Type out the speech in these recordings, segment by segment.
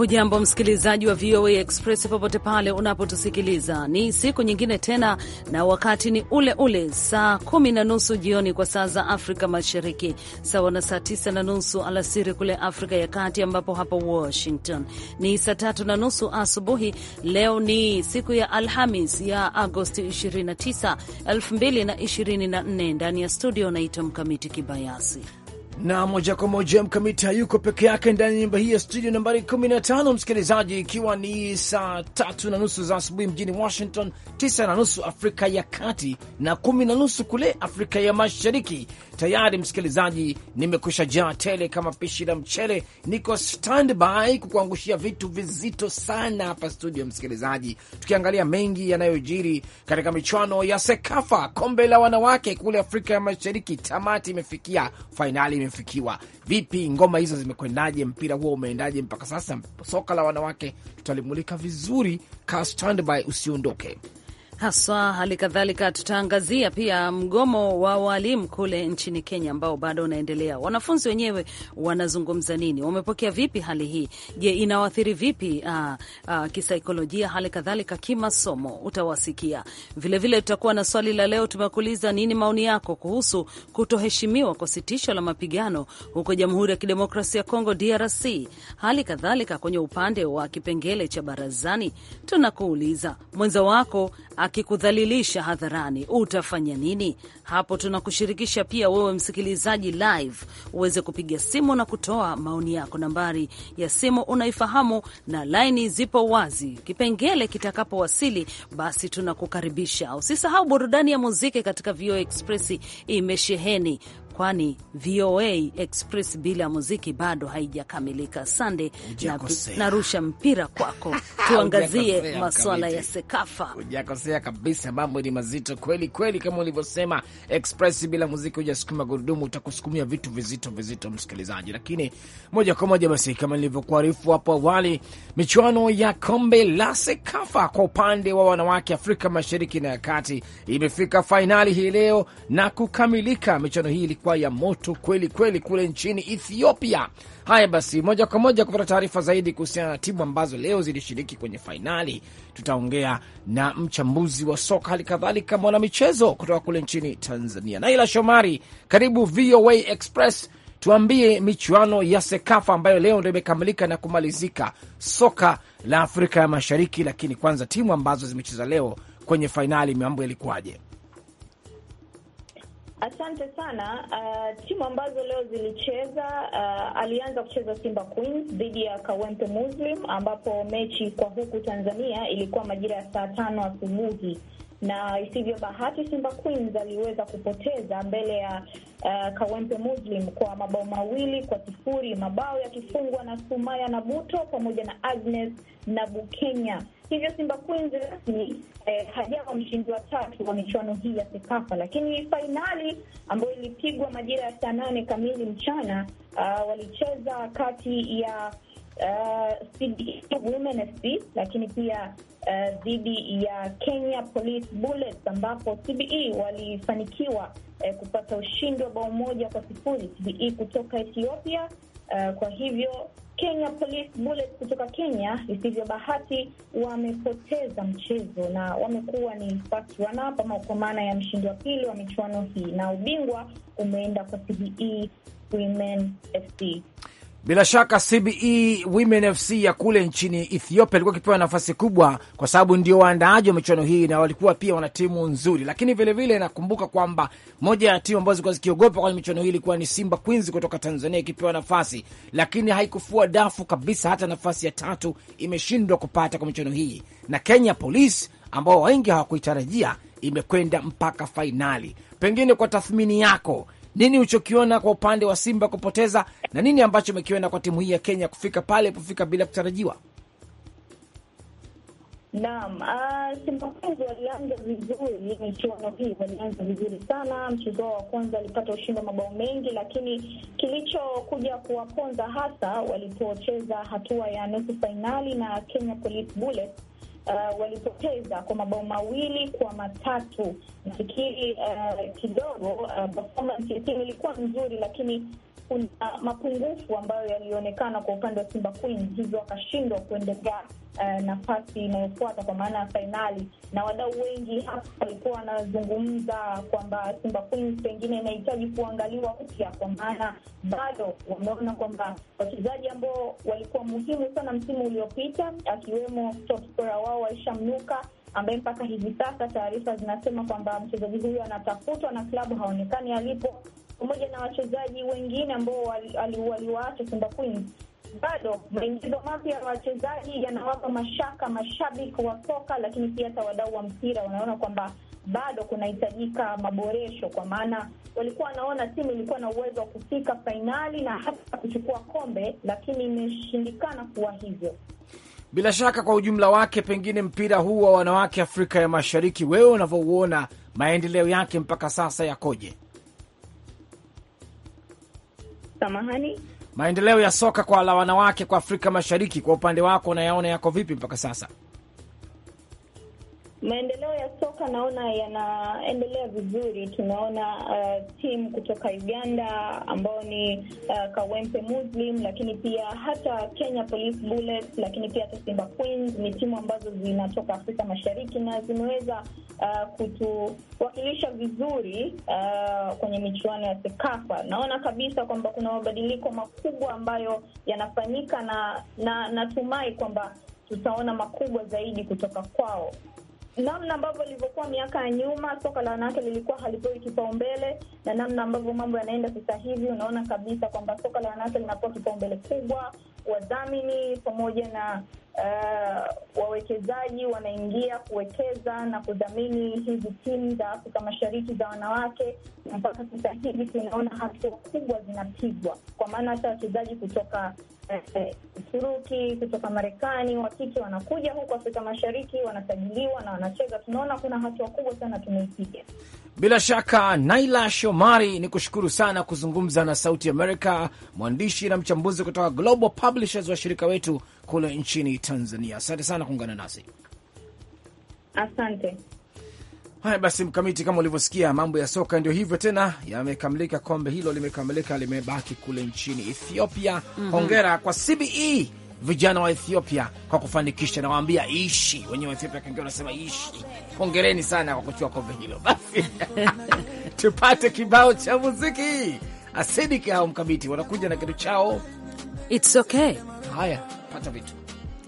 Hujambo msikilizaji wa VOA Express popote pale unapotusikiliza, ni siku nyingine tena na wakati ni ule ule, saa kumi na nusu jioni kwa saa za Afrika Mashariki, sawa na saa tisa na nusu alasiri kule Afrika ya Kati, ambapo hapa Washington ni saa tatu na nusu asubuhi. Leo ni siku ya Alhamis ya Agosti 29, 2024. Ndani ya studio naitwa Mkamiti Kibayasi na moja kwa moja mkamiti hayuko peke yake ndani ya nyumba hii ya studio nambari 15, msikilizaji, ikiwa ni saa tatu na nusu za asubuhi mjini Washington, tisa na nusu Afrika ya Kati na kumi na nusu kule Afrika ya Mashariki. Tayari msikilizaji, nimekusha jaa tele kama pishi la mchele, niko standby kukuangushia vitu vizito sana hapa studio, msikilizaji, tukiangalia mengi yanayojiri katika michuano ya Sekafa, kombe la wanawake kule Afrika ya Mashariki. Tamati imefikia fainali imefikiwa vipi, ngoma hizo zimekwendaje, mpira huo umeendaje mpaka sasa. Soka la wanawake tutalimulika vizuri, ka standby, usiondoke haswa. Hali kadhalika tutaangazia pia mgomo wa walimu kule nchini Kenya ambao bado unaendelea. Wanafunzi wenyewe wanazungumza nini? Wamepokea vipi hali hii? Je, inawaathiri vipi uh, uh, kisaikolojia, hali kadhalika kimasomo? Utawasikia vilevile. Tutakuwa na swali la leo, tumekuuliza nini maoni yako kuhusu kutoheshimiwa kwa sitisho la mapigano huko Jamhuri ya Kidemokrasia ya Kongo, DRC. Hali kadhalika kwenye upande wa kipengele cha barazani tunakuuliza mwenza wako akikudhalilisha hadharani, utafanya nini? Hapo tunakushirikisha pia wewe msikilizaji live uweze kupiga simu na kutoa maoni yako. Nambari ya simu unaifahamu na laini zipo wazi. Kipengele kitakapowasili, basi tunakukaribisha. Usisahau burudani ya muziki katika VOA Express imesheheni kwani VOA Express bila muziki bado haijakamilika. Sande, narusha mpira kwako, tuangazie maswala ya SEKAFA. Hujakosea kabisa, mambo ni mazito kweli kweli, kama ulivyosema. Express bila muziki hujasukuma gurudumu, utakusukumia vitu vizito vizito, msikilizaji. Lakini moja kwa moja basi, kama nilivyokuarifu hapo awali, michuano ya kombe la SEKAFA kwa upande wa wanawake Afrika Mashariki na ya Kati imefika fainali hii leo na kukamilika. Michuano hii ilikuwa yalikuwa ya moto kweli kweli kule nchini Ethiopia. Haya basi, moja kwa moja kupata taarifa zaidi kuhusiana na timu ambazo leo zilishiriki kwenye fainali, tutaongea na mchambuzi wa soka, hali kadhalika mwanamichezo kutoka kule nchini Tanzania, Naila Shomari. Karibu VOA Express. Tuambie michuano ya SEKAFA ambayo leo ndo imekamilika na kumalizika soka la Afrika ya Mashariki, lakini kwanza timu ambazo zimecheza leo kwenye fainali, mambo yalikuwaje? Asante sana. Uh, timu ambazo leo zilicheza, uh, alianza kucheza Simba Queens dhidi ya Kawempe Muslim, ambapo mechi kwa huku Tanzania ilikuwa majira ya saa tano asubuhi na isivyo bahati Simba Queens aliweza kupoteza mbele ya uh, Kawempe Muslim kwa mabao mawili kwa sifuri, mabao yakifungwa na Sumaya na Buto pamoja na Agnes na Bukenya. Hivyo Simba Queens rasmi eh, hajawa mshindi wa tatu wa michuano hii ya Sekafa, lakini fainali ambayo ilipigwa majira ya saa nane kamili mchana uh, walicheza kati ya uh, Women FC lakini pia ah, dhidi uh, ya Kenya Police Bullets ambapo CBE walifanikiwa uh, kupata ushindi wa bao moja kwa sifuri CBE kutoka Ethiopia. Uh, kwa hivyo Kenya Police Bullets kutoka Kenya isivyo bahati wamepoteza mchezo na wamekuwa ni first runner kwa maana ya mshindi wa pili wa michuano hii na ubingwa umeenda kwa CBE Women FC. Bila shaka CBE Women FC ya kule nchini Ethiopia ilikuwa ikipewa nafasi kubwa, kwa sababu ndio waandaaji wa michuano hii na walikuwa pia wana timu nzuri, lakini vilevile nakumbuka kwamba moja ya timu ambazo zilikuwa zikiogopa kwenye michuano hii ilikuwa ni Simba Queens kutoka Tanzania, ikipewa nafasi, lakini haikufua dafu kabisa. Hata nafasi ya tatu imeshindwa kupata kwa michuano hii, na Kenya Police ambao wengi hawakuitarajia imekwenda mpaka fainali. Pengine kwa tathmini yako nini uchokiona kwa upande wa Simba kupoteza na nini ambacho umekiona kwa timu hii ya Kenya kufika pale ilipofika bila kutarajiwa? Naam, ah, Simba kwanza walianza vizuri michuano hii, walianza vizuri sana. Mchezo wa kwanza walipata ushindi wa mabao mengi, lakini kilichokuja kuwaponza hasa walipocheza hatua ya nusu fainali na Kenya Police Bullets uh, walipoteza kwa mabao mawili kwa matatu. Nafikiri uh, kidogo uh, performance ya timu ilikuwa nzuri, lakini kuna ah, mapungufu ambayo yalionekana kwa upande wa Simba Queens, hivyo wakashindwa kuendelea uh, nafasi inayofuata kwa maana ya fainali, na wadau wengi hapa walikuwa wanazungumza kwamba Simba Queens pengine inahitaji kuangaliwa upya, kwa maana bado wameona kwamba wachezaji ambao walikuwa muhimu sana msimu uliopita akiwemo topscorer wao Aisha Mnuka ambaye mpaka hivi sasa taarifa zinasema kwamba mchezaji huyo anatafutwa na klabu, haonekani alipo pamoja na wachezaji wengine ambao waliwaacha Simba Queens. Bado maingizo mapya ya wachezaji yanawapa mashaka mashabiki wa soka, lakini pia hata wadau wa mpira wanaona kwamba bado kunahitajika maboresho, kwa maana walikuwa wanaona timu ilikuwa na uwezo wa kufika fainali na hata kuchukua kombe, lakini imeshindikana kuwa hivyo. Bila shaka, kwa ujumla wake, pengine mpira huu wa wanawake Afrika ya Mashariki, wewe unavyouona, maendeleo yake mpaka sasa yakoje? Samahani, maendeleo ya soka kwa la wanawake kwa Afrika Mashariki, kwa upande wako unayaona yako vipi mpaka sasa? Maendeleo ya soka naona yanaendelea vizuri. Tunaona uh, timu kutoka Uganda ambao ni uh, Kawempe Muslim, lakini pia hata Kenya Police Bullets, lakini pia hata Simba Queens ni timu ambazo zinatoka Afrika Mashariki na zimeweza uh, kutuwakilisha vizuri uh, kwenye michuano ya SEKAFA. Naona kabisa kwamba kuna mabadiliko makubwa ambayo yanafanyika na, na natumai kwamba tutaona makubwa zaidi kutoka kwao namna ambavyo ilivyokuwa miaka ya nyuma, soka la wanawake lilikuwa halipewi kipaumbele, na namna ambavyo mambo yanaenda sasa hivi, unaona kabisa kwamba soka la wanawake linapewa kipaumbele kubwa, wadhamini pamoja na uh, wawekezaji wanaingia kuwekeza na kudhamini hizi timu za Afrika Mashariki za wanawake, mpaka sasa hivi tunaona hatua kubwa zinapigwa, kwa maana hata wachezaji kutoka eh, Uturuki, kutoka Marekani wa kike wanakuja huku Afrika Mashariki, wanasajiliwa na wanacheza. Tunaona kuna hatua kubwa sana tumeipiga. Bila shaka, Naila Shomari, ni kushukuru sana kuzungumza na Sauti America, mwandishi na mchambuzi kutoka Global Publishers wa shirika wetu kule nchini Tanzania. Asante sana kuungana nasi. Asante. Haya basi, Mkamiti, kama ulivyosikia, mambo ya soka ndio hivyo tena, yamekamilika. Kombe hilo limekamilika, limebaki kule nchini Ethiopia. mm -hmm. Hongera kwa CBE vijana wa Ethiopia kwa kufanikisha, nawaambia ishi wenyewe wa Ethiopia kengine wanasema ishi. Hongereni sana kwa kuchua kombe hilo. Basi tupate kibao cha muziki. Asidiki hao Mkamiti wanakuja na kitu chao, it's okay. Haya hata vitu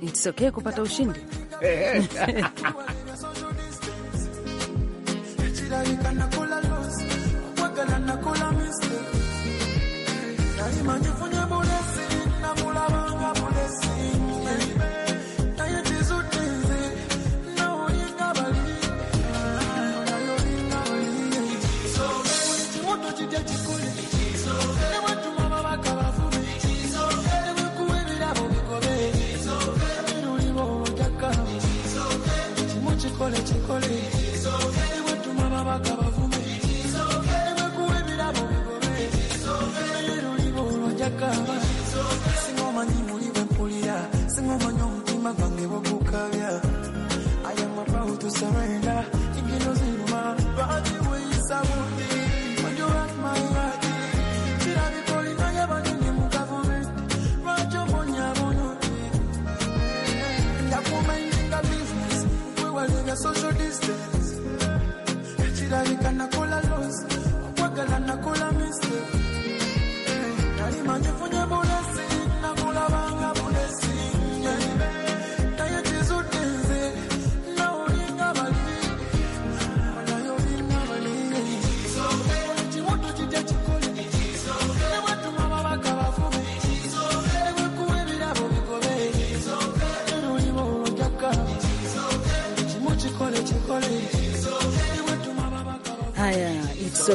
It's okay kupata ushindi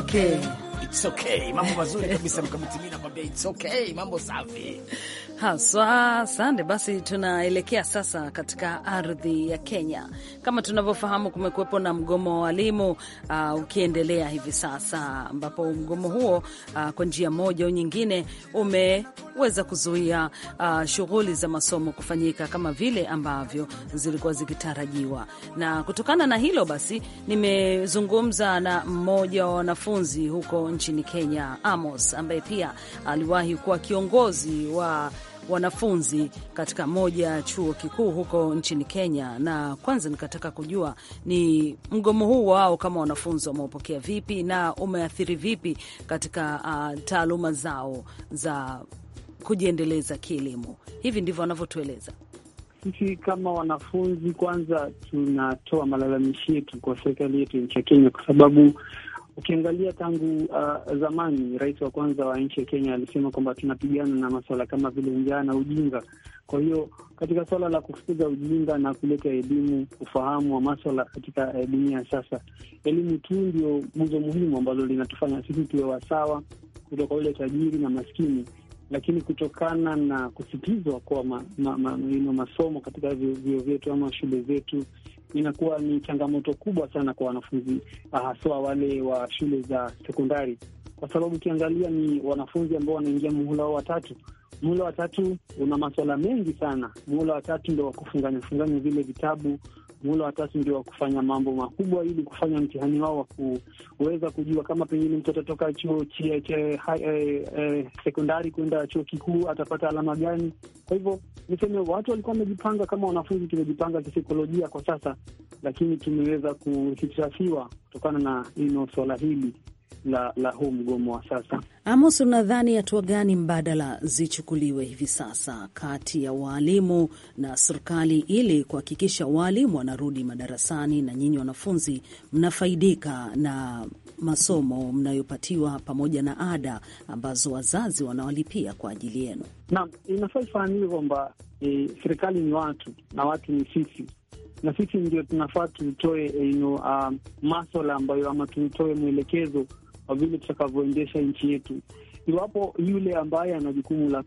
okay. It's okay. Mambo mazuri kabisa mkamiti, mimi nakwambia it's okay. Mambo safi haswa. Asante. Basi tunaelekea sasa katika ardhi ya Kenya. Kama tunavyofahamu, kumekuwepo na mgomo wa walimu uh, ukiendelea hivi sasa, ambapo mgomo huo uh, kwa njia moja au nyingine umeweza kuzuia uh, shughuli za masomo kufanyika kama vile ambavyo zilikuwa zikitarajiwa. Na kutokana na hilo basi, nimezungumza na mmoja wa wanafunzi huko nchini Kenya, Amos, ambaye pia aliwahi kuwa kiongozi wa wanafunzi katika moja ya chuo kikuu huko nchini Kenya, na kwanza nikataka kujua ni mgomo huu wao kama wanafunzi wameupokea vipi na umeathiri vipi katika uh, taaluma zao za kujiendeleza kielimu. Hivi ndivyo wanavyotueleza. Sisi kama wanafunzi, kwanza tunatoa malalamishi yetu kwa serikali yetu nchi ya Kenya kwa sababu Ukiangalia tangu uh, zamani, rais wa kwanza wa nchi ya Kenya alisema kwamba tunapigana na masuala kama vile njaa na ujinga. Kwa hiyo katika suala la kufukuza ujinga na kuleta elimu, ufahamu wa maswala katika eh, dunia ya sasa, elimu tu ndio guzo muhimu ambalo linatufanya sisi tuwe wasawa kutoka ule tajiri na maskini lakini kutokana na kusitizwa kwa ma, ma, ma, masomo katika vyuo vyetu ama shule zetu inakuwa ni changamoto kubwa sana kwa wanafunzi ah, haswa wale wa shule za sekondari, kwa sababu ukiangalia ni wanafunzi ambao wanaingia muhula wa tatu. Muhula wa tatu una maswala mengi sana. Muhula wa tatu ndo wakufunganyafunganya funganya vile vitabu muhula wa tatu ndio wa kufanya mambo makubwa, ili kufanya mtihani wao wa kuweza kujua kama pengine mtoto toka chuo eh, eh, sekondari kwenda chuo kikuu atapata alama gani. Kwa hivyo niseme watu walikuwa wamejipanga, kama wanafunzi tumejipanga kisaikolojia kwa sasa, lakini tumeweza kuhitilafiwa kutokana na ino swala hili la, la huu mgomo wa sasa. Amos, unadhani hatua gani mbadala zichukuliwe hivi sasa kati ya waalimu na serikali ili kuhakikisha waalimu wanarudi madarasani na nyinyi wanafunzi mnafaidika na masomo mnayopatiwa pamoja na ada ambazo wazazi wanawalipia kwa ajili yenu? Naam, inafaa ifahamike kwamba e, serikali ni watu na watu ni sisi na sisi ndio tunafaa tuitoe uh, eh, ah, maswala ambayo ama tuitoe mwelekezo wa vile tutakavyoendesha nchi yetu. Iwapo yule ambaye ana jukumu la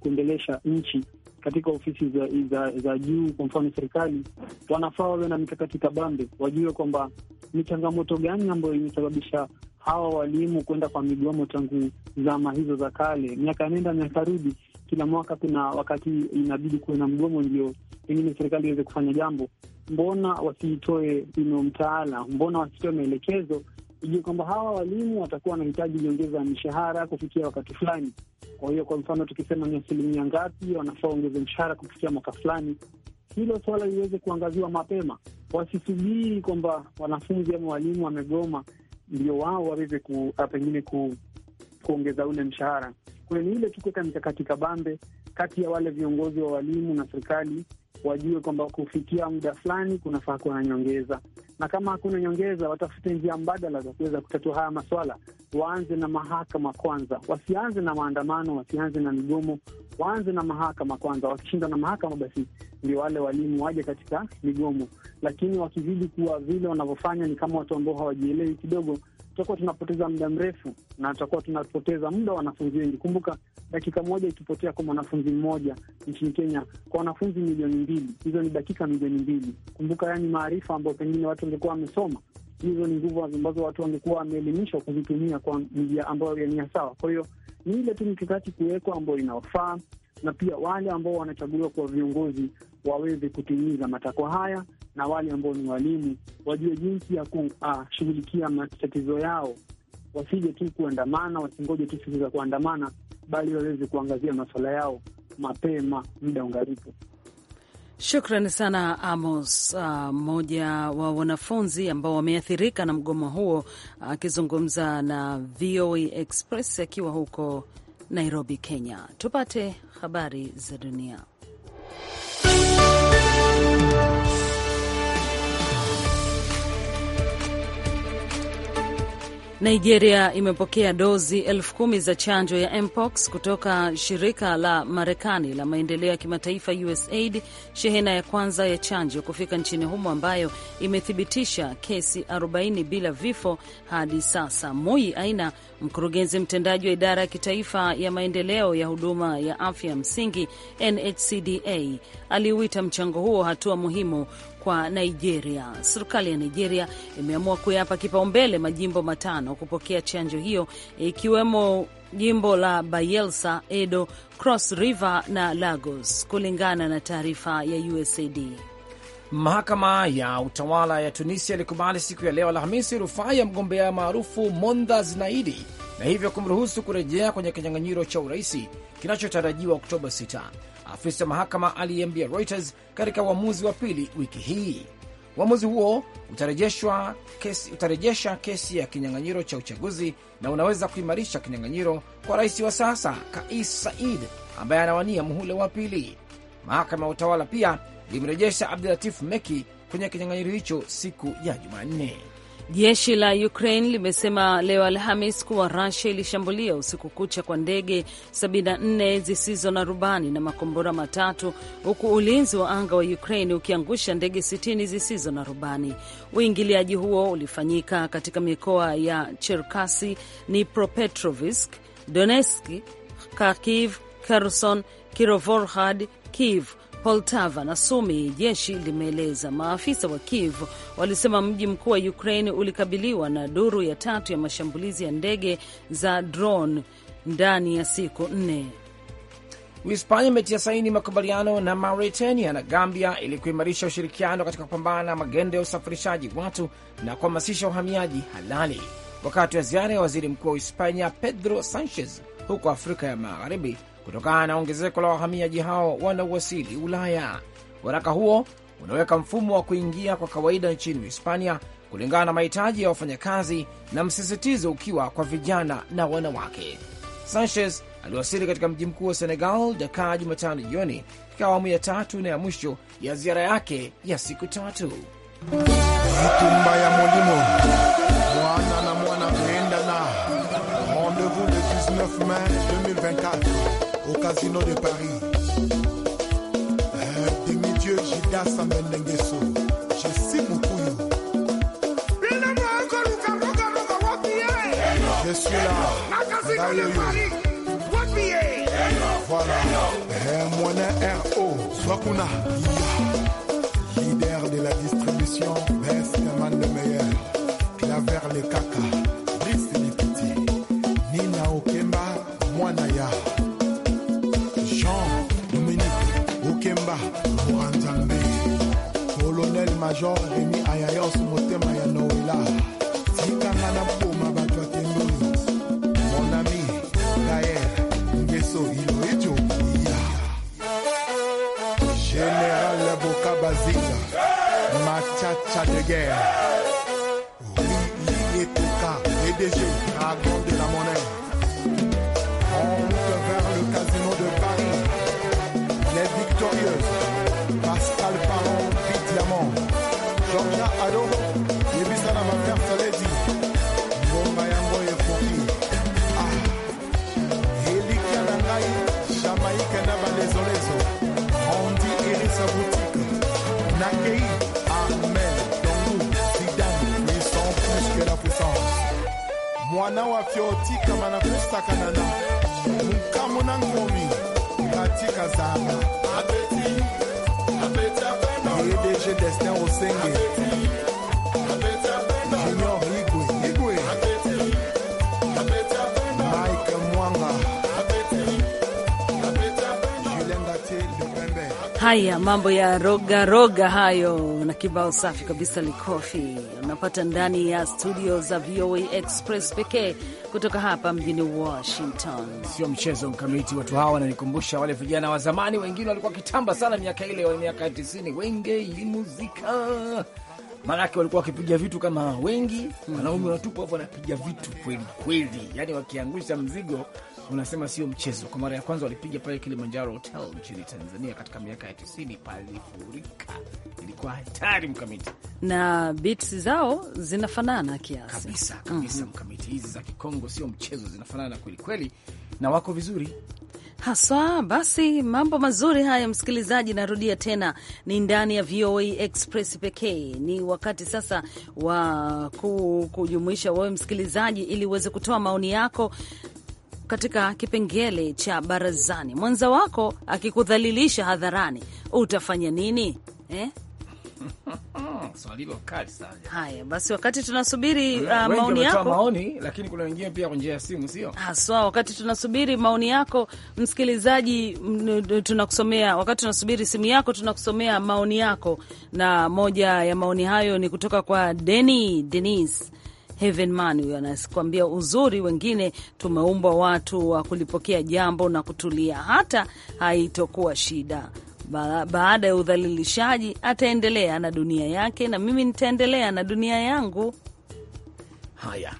kuendelesha nchi katika ofisi za, za, za juu kwa mfano serikali, wanafaa wawe na mikakati kabambe, wajue kwamba ni changamoto gani ambayo imesababisha hawa walimu kwenda kwa migomo tangu zama hizo za kale, miaka nenda miaka rudi. Kila mwaka kuna wakati inabidi kuwe na mgomo ndio pengine serikali iweze kufanya jambo, mbona wasitoe ino mtaala? Mbona wasitoe maelekezo ijue kwamba hawa walimu watakuwa wanahitaji nyongeza ya mishahara kufikia wakati fulani. Kwa hiyo, kwa mfano, tukisema ni asilimia ngapi wanafaa waongeze mshahara kufikia mwaka fulani, hilo swala liweze kuangaziwa mapema, wasisubiri kwamba wanafunzi ama walimu wamegoma ndio wao waweze ku, ah, pengine ku, kuongeza ule mshahara. Kwa hiyo ni ile tu kuweka mikakati kabambe kati ya wale viongozi wa walimu na serikali wajue kwamba kufikia muda fulani kunafaa kuwa na nyongeza, na kama hakuna nyongeza, watafute njia mbadala za kuweza kutatua haya maswala. Waanze na mahakama kwanza, wasianze na maandamano, wasianze na migomo, waanze na mahakama kwanza. Wakishinda na mahakama, basi ndio wale walimu waje katika migomo, lakini wakizidi kuwa vile wanavyofanya ni kama watu ambao hawajielewi kidogo tutakuwa tunapoteza muda mrefu na tutakuwa tunapoteza muda wa wanafunzi wengi. Kumbuka, dakika moja ikipotea kwa mwanafunzi mmoja nchini Kenya kwa wanafunzi milioni mbili, hizo ni dakika milioni mbili. Kumbuka, yani maarifa ambayo pengine watu wangekuwa wamesoma, hizo ni nguvu ambazo watu wangekuwa wameelimishwa kuzitumia kwa njia ambayo ni sawa. Kwa hiyo ni ile tu mikakati kuwekwa ambayo inaofaa na pia wale ambao wanachaguliwa kuwa viongozi waweze kutimiza matakwa haya na wale ambao ni walimu wajue jinsi ya kushughulikia ah, matatizo yao, wasije tu kuandamana, wasingoje tu siku za kuandamana, bali waweze kuangazia masuala yao mapema, muda ungalipo. Shukrani sana Amos, ah, mmoja uh, wa wanafunzi ambao wameathirika na mgomo huo, akizungumza uh, na VOA Express akiwa huko Nairobi, Kenya. Tupate habari za dunia. Nigeria imepokea dozi elfu kumi za chanjo ya mpox kutoka shirika la Marekani la maendeleo ya kimataifa USAID, shehena ya kwanza ya chanjo kufika nchini humo ambayo imethibitisha kesi 40 bila vifo hadi sasa. mui Aina, mkurugenzi mtendaji wa idara ya kitaifa ya maendeleo ya huduma ya afya msingi NHCDA, aliuita mchango huo hatua muhimu kwa Nigeria. Serikali ya Nigeria imeamua kuyapa kipaumbele majimbo matano kupokea chanjo hiyo ikiwemo jimbo la Bayelsa, Edo, Cross River na Lagos, kulingana na taarifa ya USAID. Mahakama ya utawala ya Tunisia ilikubali siku ya leo Alhamisi rufaa ya mgombea maarufu Mondha Zinaidi na hivyo kumruhusu kurejea kwenye kinyang'anyiro cha uraisi kinachotarajiwa Oktoba 6, afisa mahakama aliyeambia Reuters katika uamuzi wa pili wiki hii. Uamuzi huo kesi, utarejesha kesi ya kinyang'anyiro cha uchaguzi na unaweza kuimarisha kinyang'anyiro kwa rais wa sasa Kais Said ambaye anawania muhula wa pili. Mahakama ya utawala pia ilimrejesha Abdulatif Meki kwenye kinyang'anyiro hicho siku ya Jumanne. Jeshi la Ukraine limesema leo Alhamis kuwa Rusia ilishambulia usiku kucha kwa ndege 74 zisizo na rubani na makombora matatu huku ulinzi wa anga wa Ukraine ukiangusha ndege 60 zisizo na rubani. Uingiliaji huo ulifanyika katika mikoa ya Cherkasi, nipropetrovisk Donetsk, Kharkiv, Kherson, Kirovohrad, Kiev Poltava na Sumi, jeshi limeeleza. Maafisa wa Kiev walisema mji mkuu wa Ukraine ulikabiliwa na duru ya tatu ya mashambulizi ya ndege za drone ndani ya siku nne. Uhispania imetia saini makubaliano na Mauritania na Gambia ili kuimarisha ushirikiano katika kupambana na magendo ya usafirishaji watu na kuhamasisha uhamiaji halali, wakati wa ziara ya waziri mkuu wa Uhispania Pedro Sanchez huko Afrika ya Magharibi kutokana na ongezeko la wahamiaji hao wanaowasili Ulaya. Waraka huo unaweka mfumo wa kuingia kwa kawaida nchini Hispania kulingana na mahitaji ya wafanyakazi na msisitizo ukiwa kwa vijana na wanawake. Sanchez aliwasili katika mji mkuu wa Senegal, Dakar, Jumatano jioni katika awamu ya tatu na ya mwisho ya ziara yake ya siku tatu. Tumba ya molimo mwana na mwana penda na rendez-vous le 19 mai 2024 au Casino de Paris. un Demi-dieu j'ai Amendengeso, Jessie Mukuyu. Je suis là, Paris. Voilà, Moinet R.O. Swakuna, leader de la distribution, best man de meilleur, claver les caca. Général ma Machacha de guerre. est et Toka, PDG, dragon de la monnaie. En route vers le casino de Paris. Les victorieuses, Pascal Parent, Diamant, Georgia Adoro. mwana wafyo otikama na kusakana na mukamu na nkomi katika zaba yedg destin osenge Haya mambo ya roga roga hayo, na kibao safi kabisa Likofi unapata ndani ya studio za VOA Express pekee kutoka hapa mjini Washington. Sio mchezo mkamiti. Watu hawa wananikumbusha wale vijana wa zamani, wengine walikuwa kitamba sana miaka ile wa miaka ya tisini, wenge limuzika maanake walikuwa wakipiga vitu kama wengi wanaume, mm -hmm. Wanatupa hapo wanapiga vitu kweli kweli, yani wakiangusha mzigo unasema sio mchezo. Kwa mara ya kwanza walipiga pale Kilimanjaro Hotel nchini Tanzania katika miaka ya 90, palifurika, ilikuwa hatari mkamiti, na beats zao zinafanana kiasi kabisa kabisa. mm -hmm. Mkamiti hizi za Kikongo sio mchezo, zinafanana kweli kweli, na wako vizuri haswa. Basi mambo mazuri haya, msikilizaji, narudia tena, ni ndani ya VOA Express pekee. Ni wakati sasa wa kujumuisha wewe msikilizaji, ili uweze kutoa maoni yako katika kipengele cha barazani, mwenza wako akikudhalilisha hadharani utafanya nini eh? Haya basi, wakati tunasubiri uh, maoni yako maoni, lakini kuna wengine pia kwa njia ya simu, sio haswa. Wakati tunasubiri maoni yako msikilizaji, tunakusomea. Wakati tunasubiri simu yako, tunakusomea maoni yako, na moja ya maoni hayo ni kutoka kwa Deni Denis Heaven Man huyo anakuambia uzuri, wengine tumeumbwa watu wa kulipokea jambo na kutulia, hata haitokuwa shida. Ba baada ya udhalilishaji ataendelea na dunia yake na mimi nitaendelea na dunia yangu. Haya,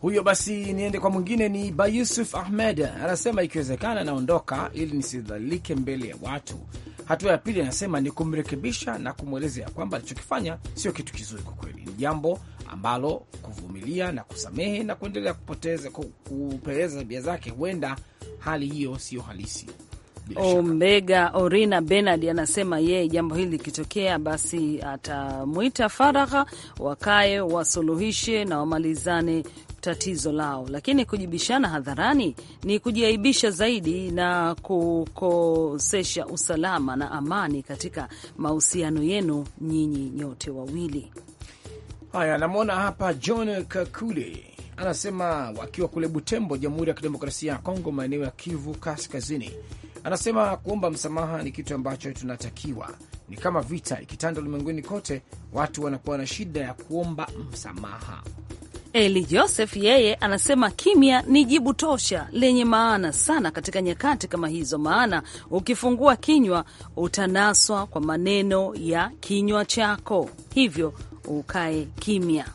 huyo basi, niende kwa mwingine. Ni Bayusuf Ahmed anasema ikiwezekana naondoka ili nisidhalilike mbele ya watu. Hatua ya pili anasema ni kumrekebisha na kumwelezea kwamba alichokifanya sio kitu kizuri, kwa kweli ni jambo ambalo kuvumilia na kusamehe na kuendelea kupoteza kupeleza tabia zake, huenda hali hiyo siyo halisi. Omega Orina Benard anasema yeye jambo hili likitokea, basi atamwita faragha, wakae wasuluhishe na wamalizane tatizo lao, lakini kujibishana hadharani ni kujiaibisha zaidi na kukosesha usalama na amani katika mahusiano yenu nyinyi nyote wawili. Haya, namwona hapa John Kakule anasema wakiwa kule Butembo, Jamhuri ya Kidemokrasia ya Kongo, maeneo ya Kivu Kaskazini. Anasema kuomba msamaha ni kitu ambacho tunatakiwa, ni kama vita ikitanda ulimwenguni kote, watu wanakuwa na shida ya kuomba msamaha. Eli Joseph yeye anasema kimya ni jibu tosha lenye maana sana katika nyakati kama hizo, maana ukifungua kinywa utanaswa kwa maneno ya kinywa chako, hivyo ukae kimya.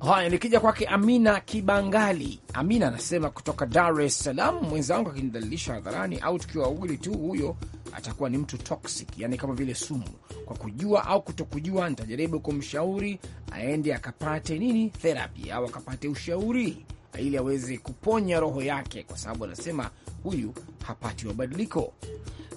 Haya, nikija kwake Amina Kibangali. Amina anasema kutoka Dar es Salaam, mwenzangu akinidhalilisha hadharani au tukiwa wawili tu, huyo atakuwa ni mtu toxic, yani kama vile sumu. Kwa kujua au kutokujua, nitajaribu kumshauri aende akapate nini, therapy au akapate ushauri ili aweze kuponya roho yake, kwa sababu anasema huyu hapati mabadiliko.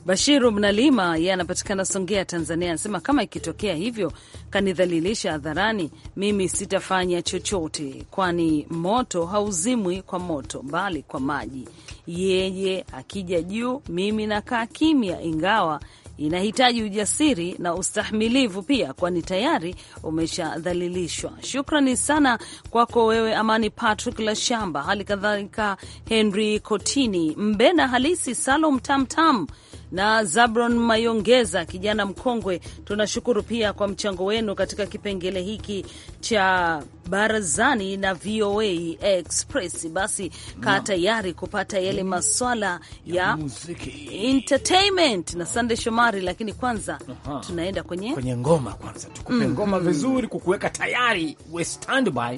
Bashiru Mnalima yeye anapatikana Songea, Tanzania, anasema kama ikitokea hivyo kanidhalilisha hadharani, mimi sitafanya chochote, kwani moto hauzimwi kwa moto, bali kwa maji. Yeye akija juu, mimi nakaa kimya, ingawa inahitaji ujasiri na ustahimilivu pia, kwani tayari umeshadhalilishwa. Shukrani sana kwako wewe Amani Patrick la shamba hali kadhalika Henry Kotini Mbena halisi Salom Tamtam -tam na Zabron Mayongeza, kijana mkongwe. Tunashukuru pia kwa mchango wenu katika kipengele hiki cha barazani na VOA Express. Basi kaa tayari kupata yale mm. maswala ya, ya muziki, entertainment na Sande Shomari, lakini kwanza Aha. tunaenda kwenye, kwenye ngoma kwanza tukupe mm -hmm. ngoma vizuri kukuweka tayari we standby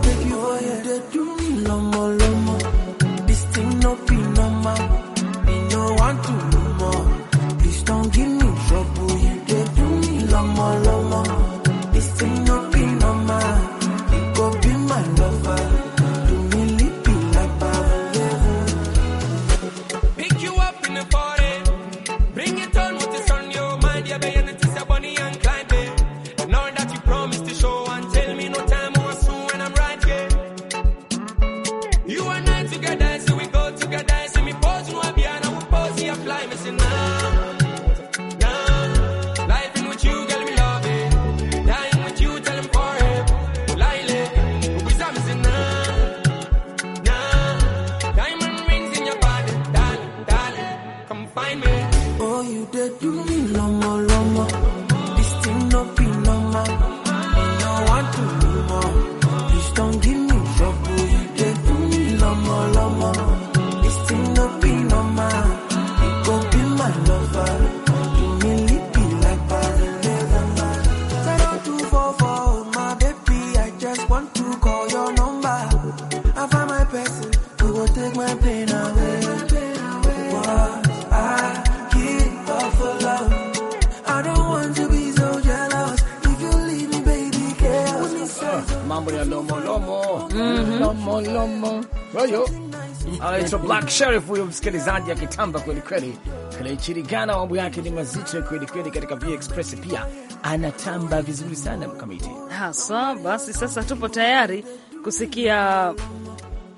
Sherif huyo msikilizaji akitamba kwelikweli, anaichirikana mambo yake ni mazito kwelikweli katika V Express, pia anatamba vizuri sana mkamiti haswa. Basi sasa tupo tayari kusikia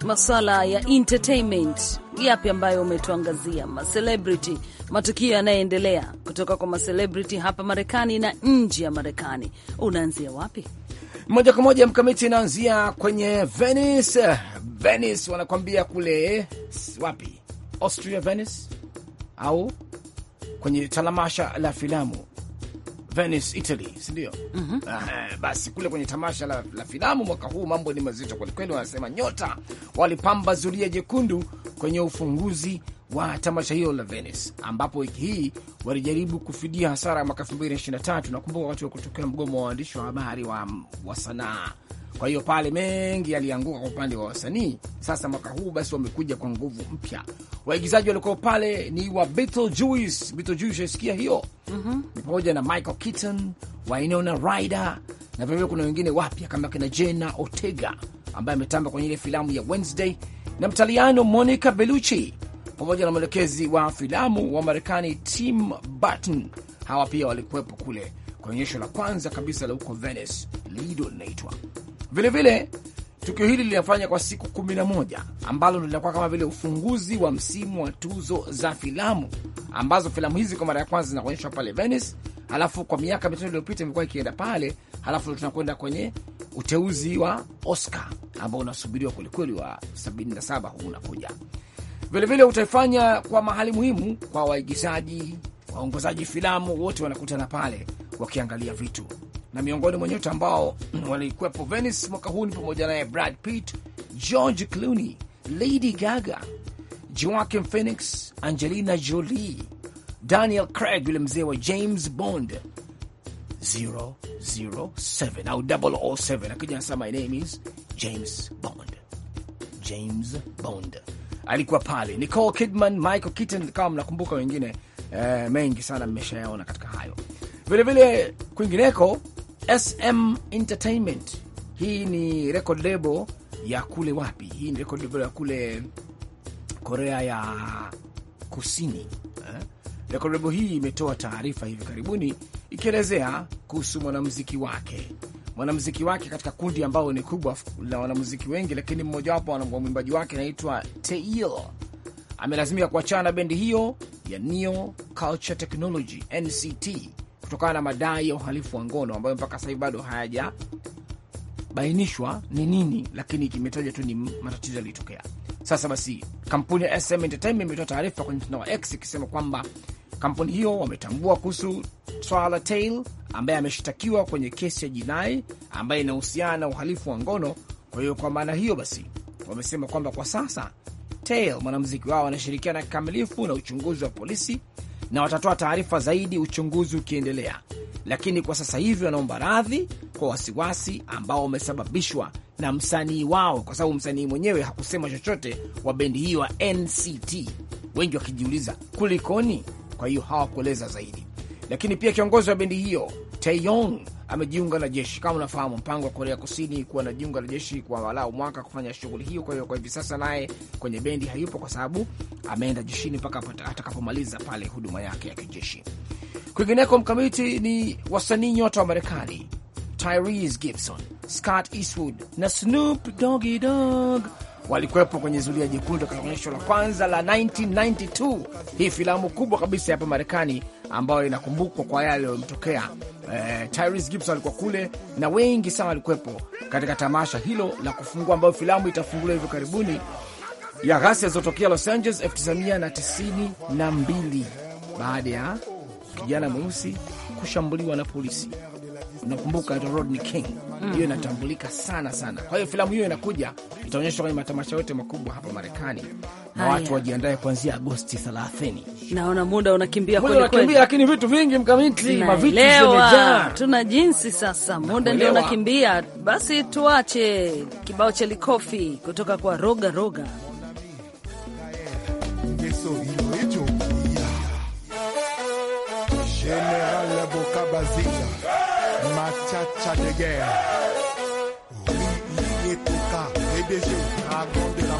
maswala ya entertainment yapi ambayo umetuangazia macelebrity, matukio yanayoendelea kutoka kwa macelebrity hapa Marekani na nje ya Marekani? Unaanzia wapi? Moja kwa moja mkamiti, inaanzia kwenye Venice. Venice wanakwambia kule wapi, Austria, Venice au kwenye tamasha la filamu Venice, Italy, si ndio? mm -hmm. Ah, basi kule kwenye tamasha la, la filamu mwaka huu mambo ni mazito kwelikweli. Wanasema nyota walipamba zulia jekundu kwenye ufunguzi wa tamasha hilo la Venice, ambapo wiki hii walijaribu kufidia hasara ya mwaka 2023 na kumbuka, wakati wa kutokea mgomo wa waandishi wa habari wa, wa sanaa. Kwa hiyo pale mengi yalianguka kwa upande wa wasanii. Sasa mwaka huu basi wamekuja kwa nguvu mpya. Waigizaji walikuwa pale ni wa Beetlejuice. Beetlejuice aisikia hiyo mm -hmm. pamoja na Michael Keaton, Winona Ryder na vilevile kuna wengine wapya kama kina Jenna Ortega ambaye ametamba kwenye ile filamu ya Wednesday na Mtaliano Monica Bellucci pamoja na mwelekezi wa filamu wa Marekani Tim Burton. Hawa pia walikuwepo kule kwenye onyesho la kwanza kabisa la huko Venice, Lido linaitwa vilevile. Tukio hili linafanya kwa siku 11 ambalo linakuwa kama vile ufunguzi wa msimu wa tuzo za filamu, ambazo filamu hizi kwa mara ya kwanza zinakuonyeshwa pale Venice, halafu kwa miaka mitano iliyopita imekuwa ikienda pale, halafu tunakwenda kwenye uteuzi wa Oscar ambao unasubiriwa kwelikweli wa 77 huu unakuja vilevile, utaifanya kwa mahali muhimu kwa waigizaji, waongozaji filamu, wote wanakutana pale wakiangalia vitu, na miongoni mwa nyota ambao walikuwepo Venice mwaka huu ni pamoja naye Brad Pitt, George Clooney, Lady Gaga, Joaquin Phoenix, Angelina Jolie, Daniel Craig, yule mzee wa James Bond 007 au 007 akija nasema my name is James Bond. James Bond alikuwa pale, Nicole Kidman, Michael Keaton, kama mnakumbuka. Wengine eh, mengi sana mmeshayaona katika hayo. Vilevile kwingineko, SM Entertainment, hii ni record label ya kule wapi? Hii ni record label ya kule Korea ya Kusini eh? Record label hii imetoa taarifa hivi karibuni ikielezea kuhusu mwanamuziki wake mwanamuziki wake katika kundi ambao ni kubwa la wanamuziki wengi, lakini mmojawapo wa mwimbaji wake anaitwa Teil amelazimika kuachana na bendi hiyo ya Neo Culture Technology NCT kutokana na madai ya uhalifu wa ngono ambayo mpaka sasa hivi bado hayajabainishwa ni nini, lakini kimetaja tu ni matatizo yaliyotokea. Sasa basi, kampuni ya SM Entertainment imetoa taarifa kwenye mtandao wa X ikisema kwamba Kampuni hiyo wametambua kuhusu swala la Tail ambaye ameshtakiwa kwenye kesi ya jinai ambaye inahusiana na uhalifu wa ngono. Kwa hiyo kwa maana hiyo basi, wamesema kwamba kwa sasa Tail mwanamuziki wao anashirikiana kikamilifu na uchunguzi wa polisi na watatoa taarifa zaidi uchunguzi ukiendelea, lakini kwa sasa hivi wanaomba radhi kwa wasiwasi ambao wamesababishwa na msanii wao, kwa sababu msanii mwenyewe hakusema chochote, wa bendi hii wa NCT, wengi wakijiuliza kulikoni kwa hiyo hawakueleza zaidi. Lakini pia kiongozi wa bendi hiyo Taeyong amejiunga na jeshi. Kama unafahamu mpango wa Korea Kusini kuwa anajiunga na jeshi kwa walau mwaka kufanya shughuli hiyo. Kwa hiyo kwa hivi sasa naye kwenye bendi hayupo, kwa sababu ameenda jeshini mpaka atakapomaliza pale huduma yake ya kijeshi. Kwingineko, mkamiti ni wasanii nyota wa Marekani Tyrese Gibson, Scott Eastwood na Snoop Doggy Dogg walikuwepo kwenye zulia jekundu katika onyesho la kwanza la 1992, hii filamu kubwa kabisa hapa Marekani ambayo inakumbukwa kwa yale yaliyomtokea. E, Tyrese Gibson alikuwa kule na wengi sana walikuwepo katika tamasha hilo la kufungua, ambayo filamu itafunguliwa hivi karibuni ya ghasia zilizotokea Los Angeles 1992 baada ya kijana mweusi kushambuliwa na polisi unakumbuka Rodney King mm. hiyo inatambulika sana sana. Kwa hiyo filamu hiyo inakuja itaonyeshwa kwenye matamasha yote makubwa hapa Marekani na watu wajiandae kuanzia Agosti 30. Naona muda unakimbia kweli kweli, lakini vitu vingi mkamiti, mavitu tuna jinsi sasa, muda ndio unakimbia. Basi tuache kibao cha likofi kutoka kwa roga roga 마차차되게 우리 이게 똑가 대대시 강원대라